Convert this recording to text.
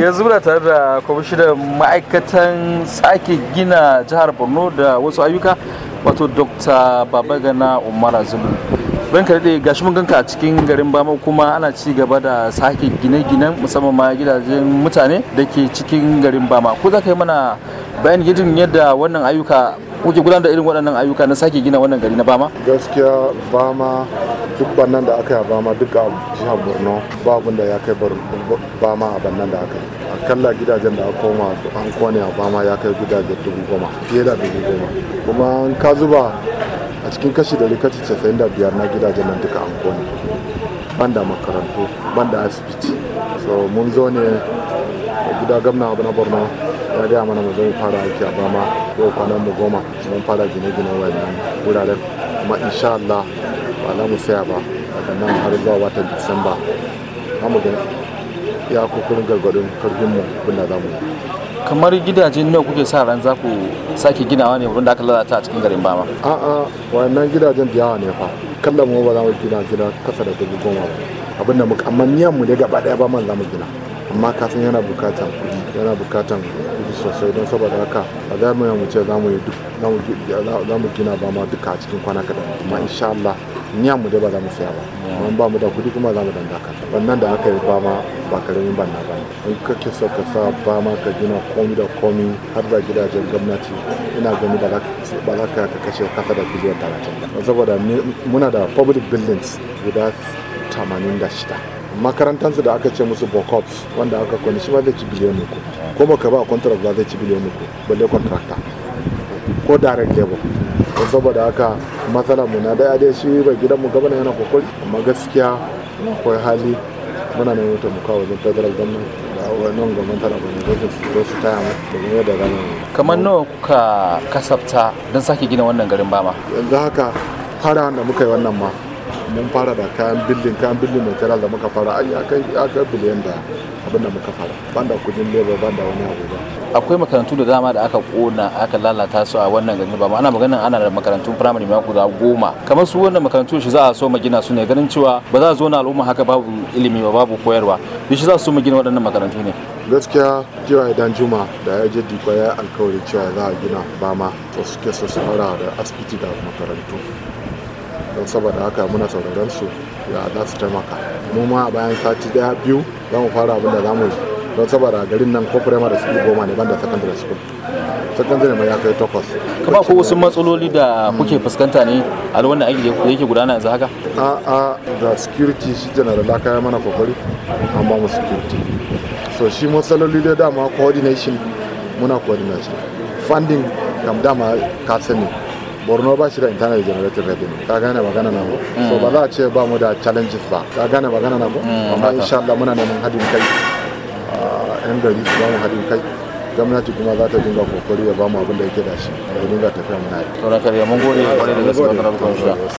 yanzu muna tare da kwamishinan ma'aikatan sake gina jihar borno da wasu ayyuka wato dr babagana umar azumi ranka daɗe gashi mun ganka a cikin garin bama kuma ana ci gaba da sake gine-ginen musamman ma gidajen mutane da ke cikin garin bama ko za ka yi mana bayan gidin yadda wannan ayyuka kuke gudanar da irin waɗannan ayyuka na sake gina wannan gari na bama gaskiya bama duk bannan da aka yi a bama duk a jihar borno ba abin da ya kai bama a bannan da aka yi A kalla gidajen da aka koma an kone a bama ya kai gidajen dubu goma fiye da dubu goma kuma ka zuba cikin kashi da kashi biyar na gidajen nan duka an kone banda makarantu banda asibiti so mun zo ne gida gamna abu na borno ya gaya mana mu zo mu fara aiki a bama yau kwanan mu goma mun fara gine-gine wannan wuraren kuma insha Allah ba za mu saya ba daga nan har zuwa watan disamba za ya kukurin gargadin karfin mu abin kamar gidajen nawa kuke sa ran za ku sake ginawa ne wurin da aka lalata a cikin garin bama a'a wannan gidajen da yawa ne fa kallon mu ba za mu gina gida kasa da dubu goma ba abin da niyan mu ne gaba daya ba mu za mu gina amma kasan yana bukatan kuɗi yana bukatan ji sosai don saboda haka ba za mu mu ce za mu gina ba ma duka a cikin kwana kaɗan amma insha Allah niyan mu dai ba za mu saya ba amma ba mu da kudi kuma za mu danda ka wannan da aka yi ba ma ba karamin banna ba in ke so ka sa ba ma ka gina komi da komi har da gidajen gwamnati ina gani ba za ka kashe kasa da biliyan talatin saboda muna da public buildings guda 86 makarantansu da aka ce musu bokops wanda aka kwani shi ba zai ci biliyan uku ko maka ba contract ba zai ci biliyan uku balle contractor ko direct labor ko saboda haka matsala mu na daya dai shi ba gidan mu gabana yana kokari amma gaskiya akwai hali muna nan wata muka wajen federal government da wannan gwamnati da gwamnati su su taya mu domin yadda za mu kamar nawa kuka kasafta don sake gina wannan garin bama yanzu haka fara da muka yi wannan ma mun fara da kayan billin kayan billin material da muka fara an ya kai biliyan da abin da muka fara banda kudin labor banda wani abu ba akwai makarantu da dama da aka kona aka lalata su a wannan gari ba ana magana ana da makarantun firamare mai guda goma kamar su wannan makarantu shi za a so magina su ne ganin cewa ba za a zo na al'umma haka babu ilimi ba babu koyarwa da shi za su magina waɗannan makarantu ne gaskiya jiya idan juma da ya je dikwa ya alkawari cewa za a gina ba ma to suke so su fara da asibiti da makarantu don saboda haka muna sauraron su ya za su taimaka mu ma a bayan sati daya biyu za mu fara abin da za mu yi don saboda garin nan ko primary school goma ne banda secondary school secondary mai ya kai takwas ba ko wasu matsaloli da kuke fuskanta ne a wannan aiki da yake gudana yanzu haka a a da security shi general da kai mana kokari an ba mu security so shi matsaloli da dama coordination muna coordination funding kam dama ka sani borno ba shi da internal generated revenue ka gane magana na mu mm. so ba za a ce ba mu da challenges ba ka gane magana na mu mm, amma insha Allah muna neman hadin kai ah, yan gari ba mu hadin kai gwamnati kuma za ta dinga kokari ya ba mu abin da yake da shi da dinga tafiya muna yi. na kariya mun gode kwarai da gaskiya wata rabu kan